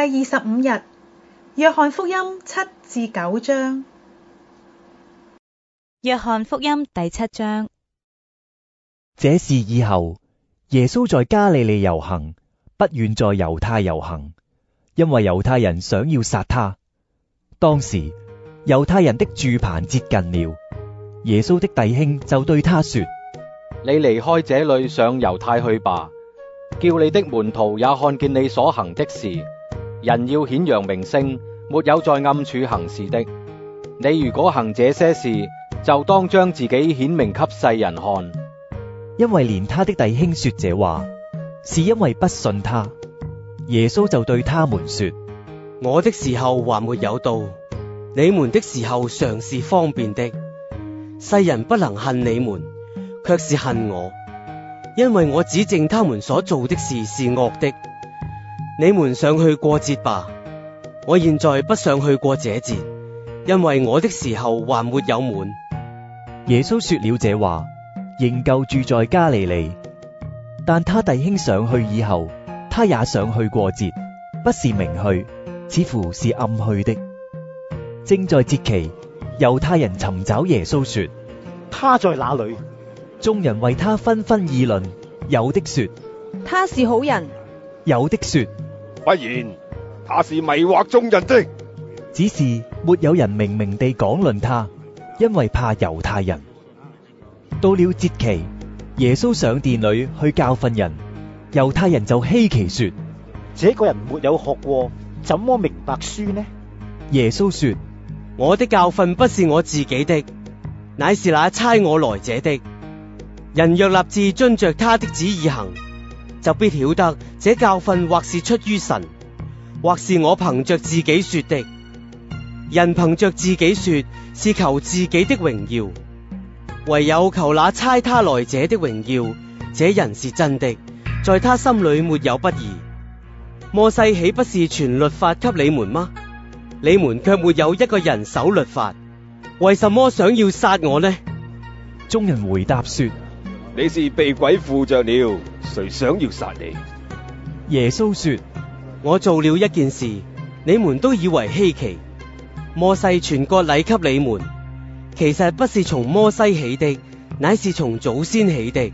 第二十五日，約翰福音七至九章。約翰福音第七章，這事以後耶穌在加利利遊行，不願在猶太遊行，因為猶太人想要殺他。當時猶太人的住棚接近了，耶穌的弟兄就對他說：你離開這裏，上猶太去吧，叫你的門徒也看見你所行的事。人要顯揚名聲，沒有在暗處行事的。你如果行這些事，就當將自己顯明給世人看。因為連他的弟兄說這話，是因為不信他。耶穌就對他們說：我的時候還沒有到，你們的時候常是方便的。世人不能恨你們，卻是恨我，因為我指證他們所做的事是惡的。你們上去過節吧，我現在不想去過這節，因為我的時候還沒有滿。耶穌說了這話，仍舊住在加利利。但他弟兄上去以後，他也上去過節，不是明去，似乎是暗去的。正在節期，猶太人尋找耶穌說，他在哪裏？眾人為他紛紛議論，有的說他是好人，有的說。不然，他是迷惑眾人的。只是沒有人明明地講論他，因為怕猶太人。到了節期，耶穌上殿裏去教訓人，猶太人就稀奇說：這個人沒有學過，怎麼明白書呢？耶穌說：我的教訓不是我自己的，乃是那差我來者的。人若立志遵着他的旨意行，就必曉得，這教訓或是出於神，或是我憑着自己說的。人憑着自己說，是求自己的榮耀；唯有求那差他來者的榮耀。這人是真的，在他心裏沒有不義。摩西豈不是傳律法給你們嗎？你們卻沒有一個人守律法，為什麼想要殺我呢？眾人回答說。你是被鬼附着了，誰想要殺你？耶穌說：我做了一件事，你們都以為稀奇。摩西傳割禮給你們，其實不是從摩西起的，乃是從祖先起的。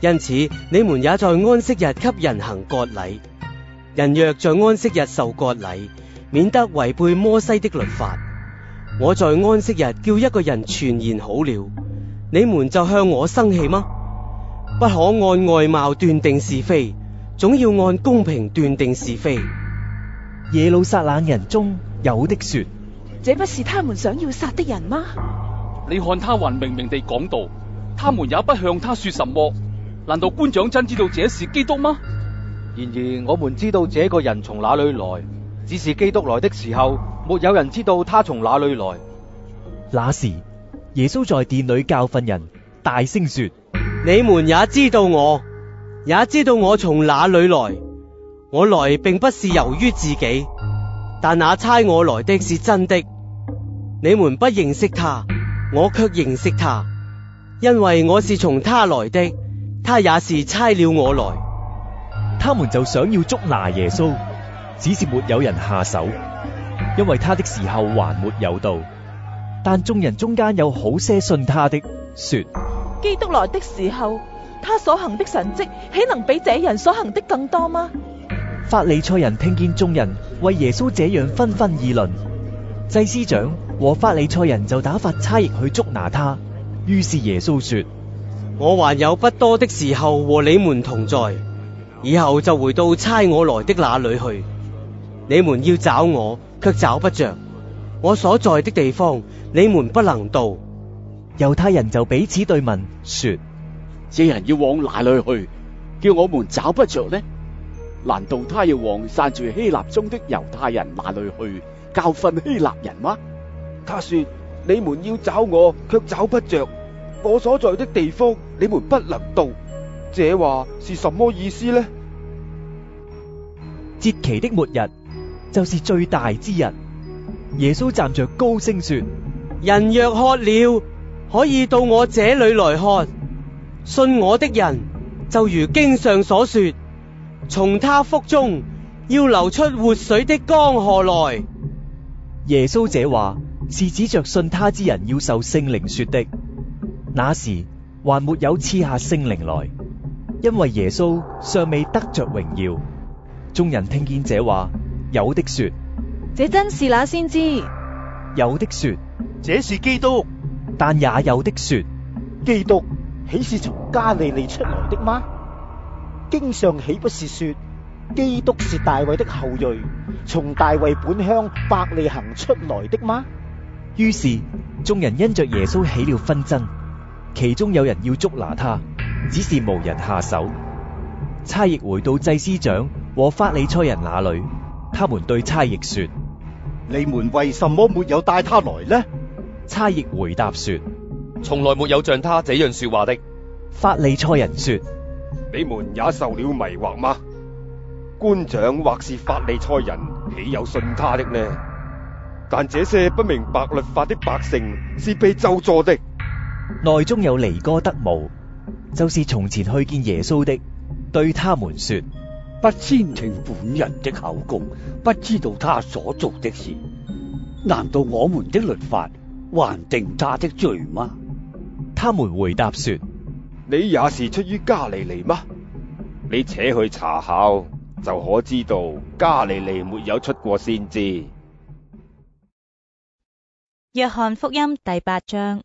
因此你們也在安息日給人行割禮。人若在安息日受割禮，免得違背摩西的律法。我在安息日叫一個人全然好了，你們就向我生氣嗎？不可按外貌斷定是非，總要按公平斷定是非。耶路撒冷人中有的說：這不是他們想要殺的人嗎？人嗎，你看他還明明地講道，他們也不向他說什麼。難道官長真知道這是基督嗎？然而我們知道這個人從哪裏來，只是基督來的時候，沒有人知道他從哪裏來。那時耶穌在殿裏教訓人，大聲說。你們也知道我，也知道我從哪裡來。我來並不是由於自己，但那差我來的是真的。你們不認識他，我卻認識他，因為我是從他來的，他也是差了我來。他們就想要捉拿耶穌，只是沒有人下手，因為他的時候還沒有到。但眾人中間有好些信他的。說，基督來的時候，他所行的神蹟，豈能比這人所行的更多嗎？法利賽人聽見眾人為耶穌這樣紛紛議論，祭司長和法利賽人就打發差役去捉拿他。於是耶穌說：我還有不多的時候和你們同在，以後就回到差我來的那裡去。你們要找我，卻找不着，我所在的地方，你們不能到。猶太人就彼此對問說：這人要往哪裏去？叫我們找不着呢？難道他要往散住希臘中的猶太人那裏去教訓希臘人嗎？他說：你們要找我，卻找不着。我所在的地方你們不能到。這話是什麼意思呢？節期的末日就是最大之日。耶穌站着高聲說：人若渴了。可以到我這裏來喝，信我的人就如經上所說，從他腹中要流出活水的江河來。耶穌這話是指着信他之人要受聖靈說的，那時還沒有賜下聖靈來，因為耶穌尚未得着榮耀。眾人聽見這話，有的說：這真是那先知。有的說：這是基督。但也有的說，基督豈是從加利利出來的嗎？經上豈不是說，基督是大衛的後裔，從大衛本鄉伯利恒出來的嗎？於是眾人因着耶穌起了紛爭，其中有人要捉拿他，只是無人下手。差役回到祭司長和法利賽人那裏，他們對差役說：你們為什麼沒有帶他來呢？差役回答說：從來沒有像他這樣說話的。法利賽人說：你們也受了迷惑嗎？官長或是法利賽人，豈有信他的呢？但這些不明白律法的百姓，是被咒詛的。內中有尼哥德慕，就是從前去見耶穌的，對他們說：不先聽本人的口供，不知道他所做的事。難道我們的律法，還定他的罪嗎？他們回答說：你也是出於加利利嗎？你且去查考，就可知道加利利沒有出過先知。約翰福音第八章。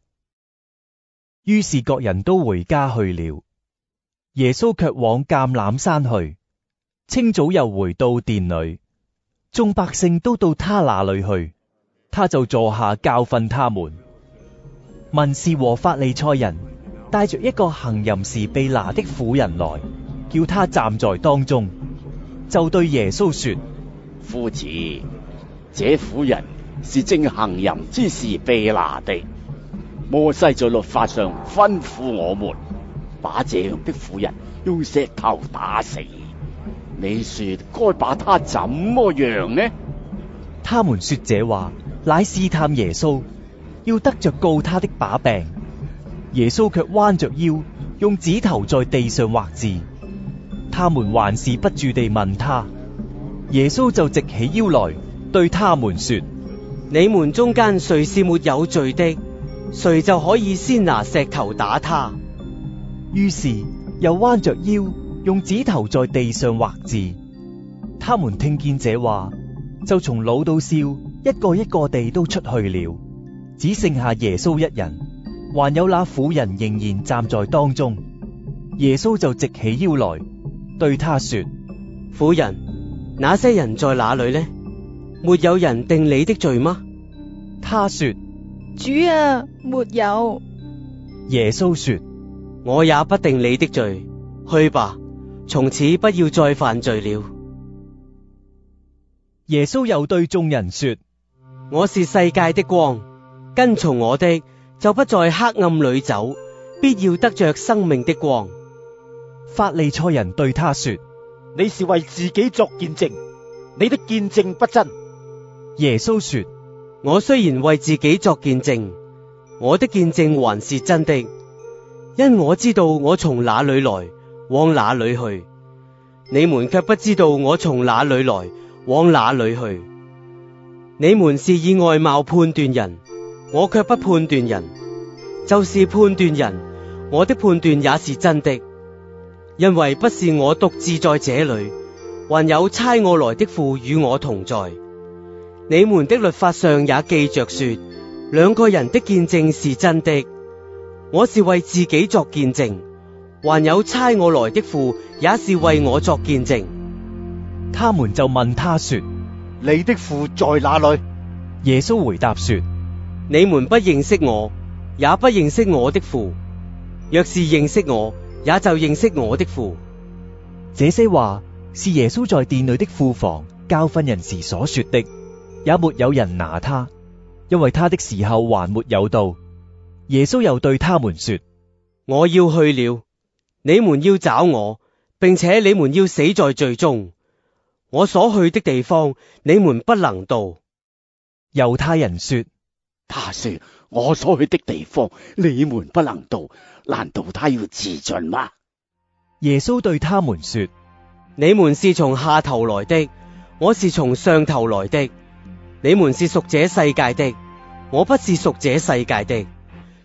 於是各人都回家去了。耶穌卻往橄欖山去，清早又回到殿裏，眾百姓都到他那裏去。他就坐下教訓他們。文士和法利賽人帶着一個行淫時被拿的婦人來，叫他站在當中，就對耶穌說：夫子，這婦人是正行淫之時被拿的。摩西在律法上吩咐我們，把這樣的婦人用石頭打死。你說該把他怎麼樣呢？他們說這話，乃試探耶穌，要得着告他的把柄。耶穌卻彎着腰，用指頭在地上畫字。他們還是不住地問他，耶穌就直起腰來，對他們說：你們中間誰是沒有罪的，誰就可以先拿石頭打他。於是又彎着腰，用指頭在地上畫字。他們聽見這話，就從老到少，一個一個地都出去了，只剩下耶穌一人，還有那婦人仍然站在當中。耶穌就直起腰來，對他說：婦人，那些人在哪裏呢？沒有人定你的罪嗎？他說：主啊，沒有。耶穌說：耶穌說我也不定你的罪，去吧，從此不要再犯罪了。耶穌又對眾人說：我是世界的光，跟從我的就不在黑暗裏走，必要得着生命的光。法利賽人對他說：你是為自己作見證，你的見證不真。耶穌說：我雖然為自己作見證，我的見證還是真的，因我知道我從哪裏來，往哪裏去。你們卻不知道我從哪裏來。往哪裏去？你們是以外貌判斷人，我卻不判斷人。就是判斷人，我的判斷也是真的。因為不是我獨自在這裏，還有差我來的父與我同在。你們的律法上也記着說，兩個人的見證是真的。我是為自己作見證，還有差我來的父也是為我作見證。他們就問他說：你的父在哪裏？耶穌回答說：你們不認識我，也不認識我的父。若是認識我，也就認識我的父。這些話是耶穌在殿裏的庫房教訓人時所說的，也沒有人拿他，因為他的時候還沒有到。耶穌又對他們說：我要去了，你們要找我，並且你們要死在罪中。我所去的地方你們不能到。猶太人說：他說我所去的地方你們不能到，難道他要自盡嗎？耶穌對他們說：你們是從下頭來的，我是從上頭來的。你們是屬這世界的，我不是屬這世界的，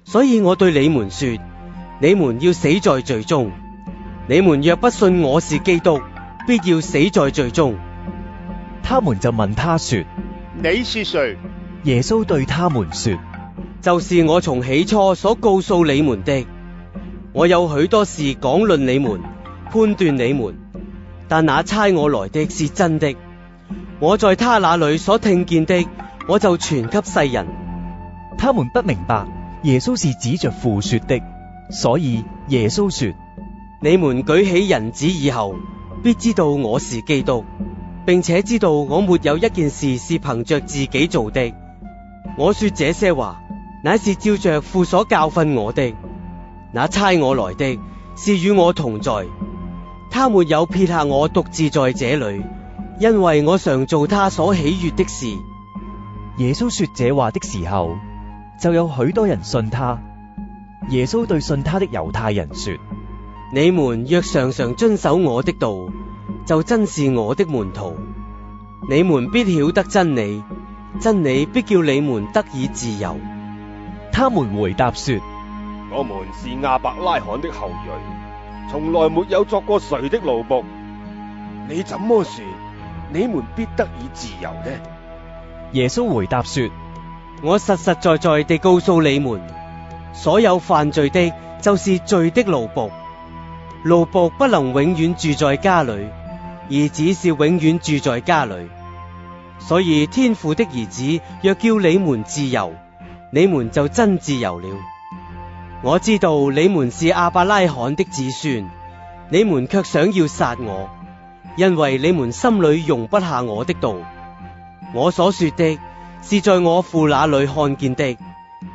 所以我對你們說，你們要死在罪中。你們若不信我是基督。必要死在最終，他們就問他說：你是誰？耶穌對他們說：就是我從起初所告訴你們的，我有許多事講論你們、判斷你們，但那差我來的是真的，我在他那裏所聽見的，我就傳給世人。他們不明白耶穌是指着父說的，所以耶穌說：你們舉起人子以後。必知道我是基督，並且知道我沒有一件事是憑着自己做的。我說這些話，乃是照着父所教訓我的。那差我來的是與我同在，他沒有撇下我獨自在這裏，因為我常做他所喜悦的事。耶穌說這話的時候，就有許多人信他。耶穌對信他的猶太人說。你們若常常遵守我的道，就真是我的門徒。你們必曉得真理，真理必叫你們得以自由。他們回答說：我們是亞伯拉罕的後裔，從來沒有作過誰的奴僕。你怎麼說你們必得以自由呢？耶穌回答說：我實實在在地告訴你們，所有犯罪的，就是罪的奴僕。路伯不能永遠住在家裏，兒子是永遠住在家裏。所以天父的兒子若叫你們自由，你們就真自由了。我知道你們是阿伯拉罕的子孫，你們却想要殺我，因為你們心裏容不下我的道。我所說的是在我父那裏看見的，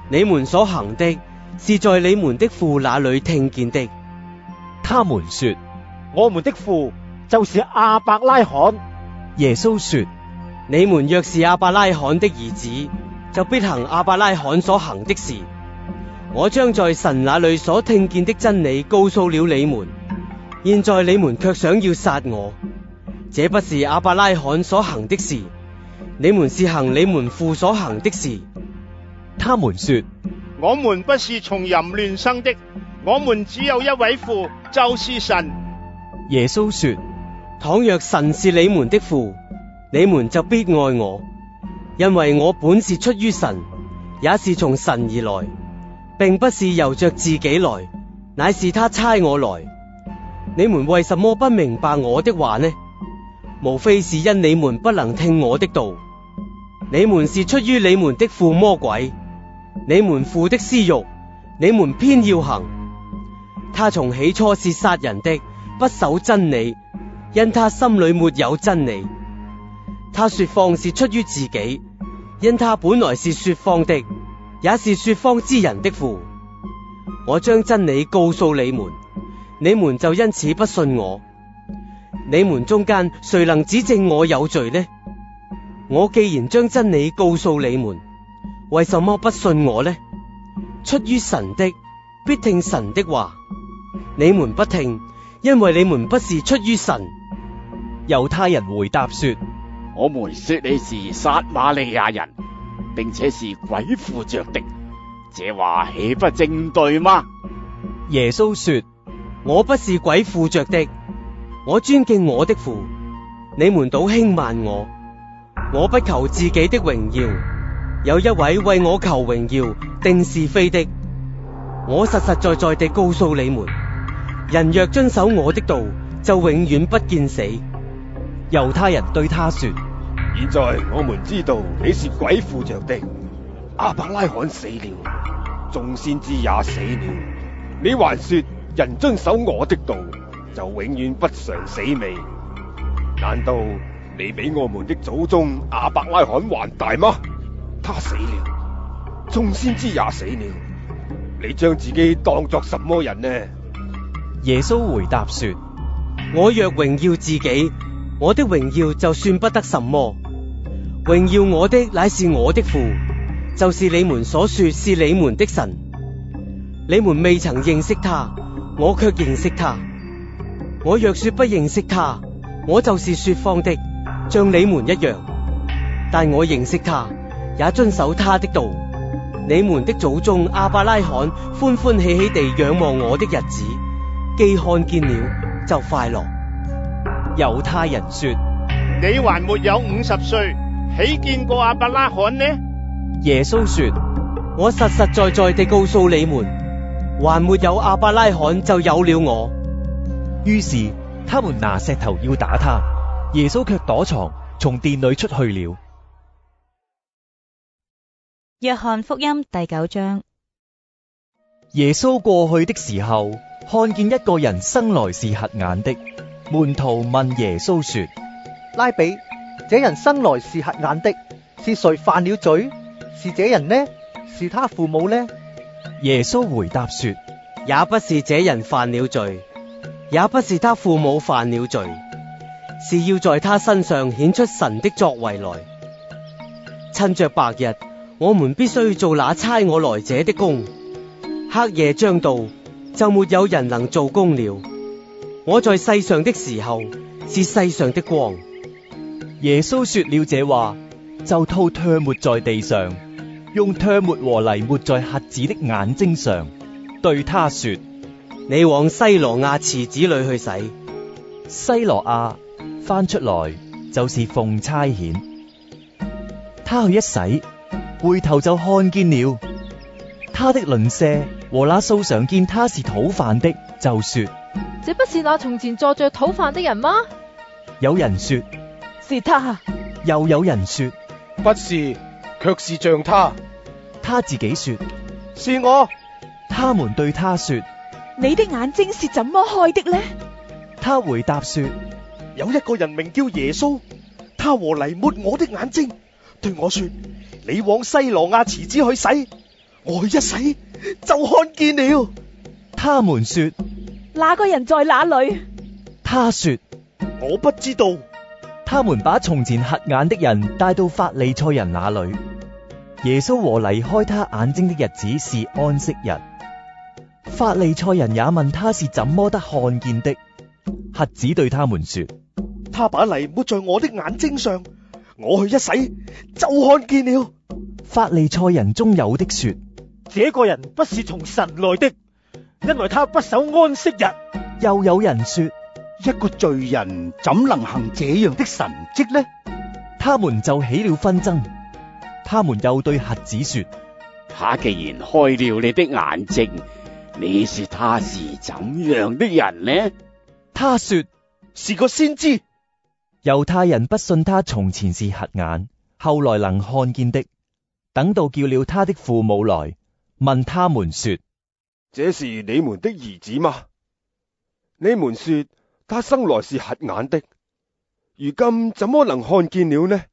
你們所行的是在你們的父那裏聽見的。他們說，我們的父就是亞伯拉罕。耶穌說，你們若是亞伯拉罕的兒子，就必行亞伯拉罕所行的事。我將在神那裏所聽見的真理告訴了你們，現在你們卻想要殺我，這不是亞伯拉罕所行的事，你們是行你們父所行的事。他們說，我們不是從淫亂生的。我們只有一位父，就是神。耶穌說：倘若神是你們的父，你們就必愛我，因為我本是出於神，也是從神而來，並不是由着自己來，乃是他差我來。你們為什麼不明白我的話呢？無非是因你們不能聽我的道。你們是出於你們的父魔鬼，你們父的私欲，你們偏要行。他從起初是殺人的，不守真理，因他心裏沒有真理。他說謊是出於自己，因他本來是說謊的，也是說謊之人的父。我將真理告訴你們，你們就因此不信我。你們中間誰能指證我有罪呢？我既然將真理告訴你們，為什麼不信我呢？出於神的，必聽神的話。你們不聽，因為你們不是出於神。猶太人回答說：我們說你是撒瑪利亞人，並且是鬼附着的，這話豈不正對嗎？耶穌說：我不是鬼附着的，我尊敬我的父，你們倒輕慢我，我不求自己的榮耀，有一位為我求榮耀，定是非的。我實實在在地告訴你們。人若遵守我的道，就永遠不見死。猶太人對他說：「現在我們知道你是鬼附着的。亞伯拉罕死了，眾先知也死了。你還說人遵守我的道就永遠不嘗死味？難道你比我們的祖宗亞伯拉罕還大嗎？他死了，眾先知也死了。你將自己當作什麼人呢？耶穌回答說：我若榮耀自己，我的榮耀就算不得什麼。榮耀我的乃是我的父，就是你們所說是你們的神。你們未曾認識他，我卻認識他。我若說不認識他，我就是說謊的，像你們一樣。但我認識他，也遵守他的道。你們的祖宗阿伯拉罕歡歡喜喜地仰望我的日子。既看見了就快樂。猶太人說：你還沒有五十歲，豈見過亞伯拉罕呢？耶穌說：我實實在在地告訴你們，還沒有亞伯拉罕就有了我。於是他們拿石頭要打他，耶穌卻躲藏，從殿裏出去了。約翰福音第九章。耶穌過去的時候。看見一個人生來是瞎眼的，門徒問耶穌說：拉比，這人生來是瞎眼的，是誰犯了罪？是這人呢？是他父母呢？耶穌回答說：也不是這人犯了罪，也不是他父母犯了罪，是要在他身上顯出神的作為來。趁着白日，我們必須做那差我來者的工；黑夜將到。就沒有人能做工了。我在世上的時候是世上的光。耶穌說了這話，就吐唾沫在地上，用唾沫和泥抹在瞎子的眼睛上，對他說：你往西羅亞池子裏去洗。西羅亞翻出來就是奉差遣。他去一洗，回頭就看見了他的鄰舍。和那素常見他是討飯的，就說：這不是那從前坐着討飯的人嗎？有人說是他，又有人說不是，卻是像他。他自己說是我。他們對他說：你的眼睛是怎麼開的呢？他回答說：有一個人名叫耶穌，他和泥抹我的眼睛，對我說：你往西羅亞池子去洗。我去一洗就看見了。他們說，哪個人在哪裡？他說，我不知道。他們把從前瞎眼的人帶到法利賽人那裏。耶穌和離開他眼睛的日子是安息日。法利賽人也問他是怎麼得看見的。瞎子對他們說：他把泥抹在我的眼睛上，我去一洗就看見了。法利賽人中有的說。這個人不是從神來的，因為他不守安息日。又有人說，一個罪人怎能行這樣的神蹟呢？他們就起了紛爭。他們又對瞎子說，他既然開了你的眼睛，你說他是怎樣的人呢？他說是個先知。猶太人不信他從前是瞎眼，後來能看見的。等到叫了他的父母來。問他們說：這是你們的兒子嗎？你們說他生來是瞎眼的，如今怎麼能看見了呢？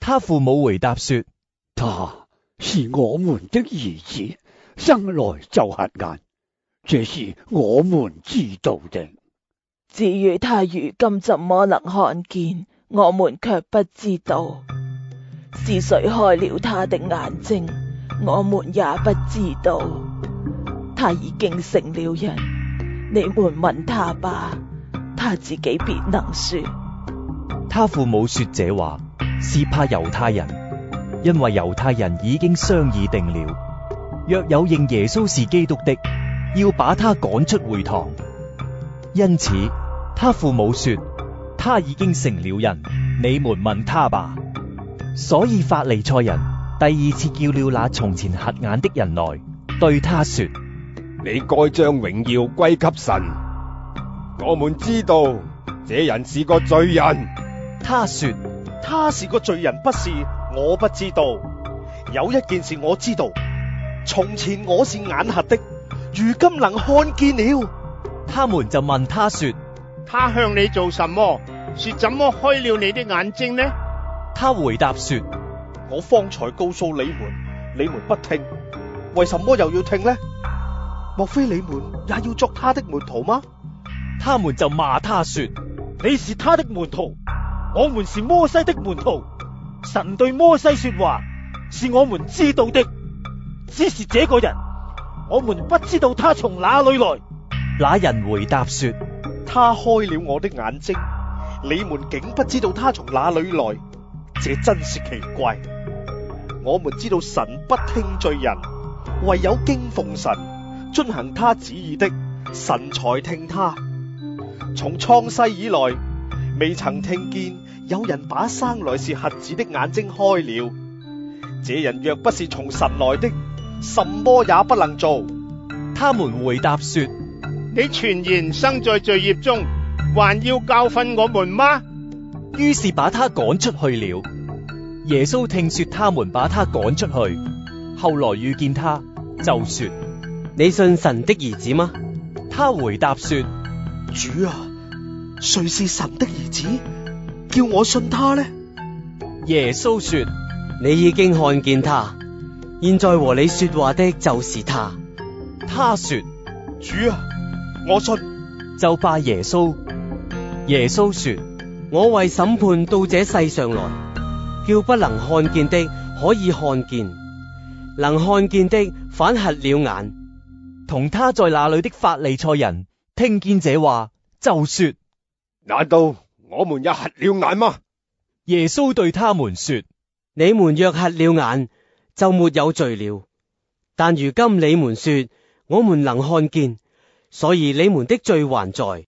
他父母回答說：他是我們的兒子，生來就瞎眼，這是我們知道的。至於他如今怎麼能看見，我們卻不知道，是誰開了他的眼睛。我們也不知道，他已經成了人。你們問他吧，他自己必能說。他父母說這話，是怕猶太人，因為猶太人已經商議定了，若有認耶穌是基督的，要把他趕出會堂。因此，他父母說，他已經成了人，你們問他吧。所以，法利賽人。第二次叫了那從前瞎眼的人來，對他說：你該將榮耀歸給神。我們知道這人是個罪人。他說：他是個罪人不是？我不知道。有一件事我知道，從前我是眼瞎的，如今能看見了。他們就問他說：他向你做什麼？是怎麼開了你的眼睛呢？他回答說。我方才告訴你們，你們不聽，為什麼又要聽呢？莫非你們也要作他的門徒嗎？他們就罵他說：你是他的門徒，我們是摩西的門徒。神對摩西說話，是我們知道的，只是這個人，我們不知道他從哪裏來。那人回答說：他開了我的眼睛，你們竟不知道他從哪裏來，這真是奇怪。我們知道神不聽罪人，唯有敬奉神，遵行他旨意的，神才聽他。從創世以來，未曾聽見有人把生來是瞎子的眼睛開了。這人若不是從神來的，什麼也不能做。他們回答說：你全然生在罪孽中，還要教訓我們嗎？於是把他趕出去了。耶穌聽說他們把他趕出去，後來遇見他，就說：你信神的兒子嗎？他回答說：主啊，誰是神的兒子？叫我信他呢？耶穌說：你已經看見他，現在和你說話的就是他。他說：主啊，我信，就拜耶穌。耶穌說：我為審判到這世上來。叫不能看見的可以看見，能看見的反瞎了眼。同他在那裏的法利賽人聽見這話，就說：難道我們也瞎了眼嗎？耶穌對他們說：你們若瞎了眼，就沒有罪了。但如今你們說，我們能看見，所以你們的罪還在。